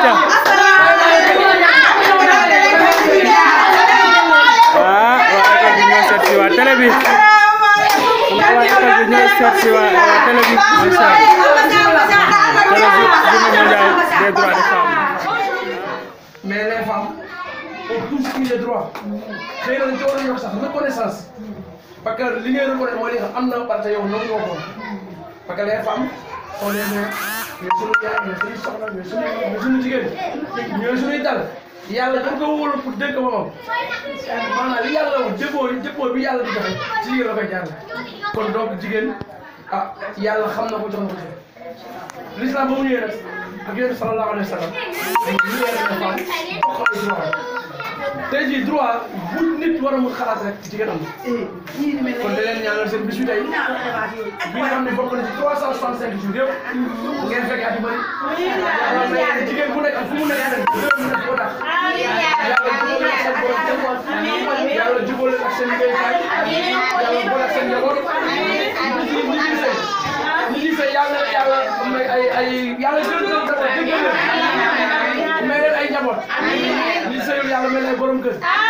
ayca ah waa école bi ñoo seet si waa télé bi waa école bi ñoo seet si waa télé bi macha allah télé bi journée mondiale des droits des femmes. mais les femmes ont tous pris les droits xëy na dañu ci war a yokk sax reconnaissance parce que li ngay reconnaître mooy li nga am na parce que yow noonu nga ko parce que les femmes on les met. ñooy suñu yaay ñooy suñu soxna ñooy suñu ñooy suñu jigéen ñooy suñu dal yàlla dañ ko wóolu pour dëkk moom maanaam li yàlla wax jëppoo jëppoo bi yàlla di joxe ci jigéen la koy jaar kon donc jigéen ah yàlla xam na ko jox na ko joxe l'islam ba mu ñëwee nag ak yéen sallallahu alayhi wa sallam dañuy yéen a tey jii droit bu nit war a mun xalaat rek jigéen am kon da leen ñaanal seen bis bi tey bi nga xam ne bokk na ci 365 jours yëpp ngeen fekk at yu bëri jigéen bu nekk fu mu nekk rek dëgg ko tax yàlla jubóole ak seen liggéeykaay yàlla boole ak seen njaboot ñi ñuy fay ñi ñuy fay yàlla yàlla ay ay yàlla jël नाही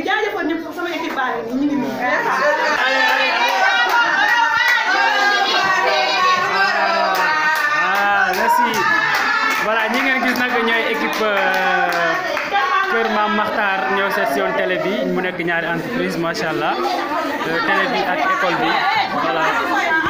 gis nag ñooy équipe euh, Kër Maam Maxtaar ñëw section télé bi mu nekk ñaari entreprise macha allah euh, télé bi ak école bi voilà.